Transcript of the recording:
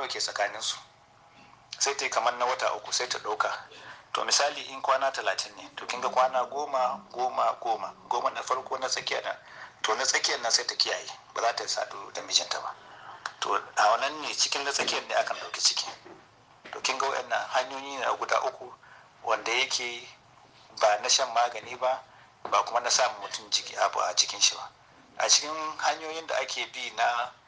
nawa ke tsakaninsu sai ta yi kamar na wata uku sai ta ɗauka to misali in kwana talatin ne to kinga kwana goma goma goma goma na farko na tsakiya nan to na tsakiyar nan sai ta kiyaye ba za ta yi sadu da mijinta ba to a wannan ne cikin na tsakiyar ne akan ɗauki ciki to kinga waɗannan hanyoyi na guda uku wanda yake ba na shan magani ba ba kuma na samun mutum jiki abu a cikin shi ba a cikin hanyoyin da ake bi na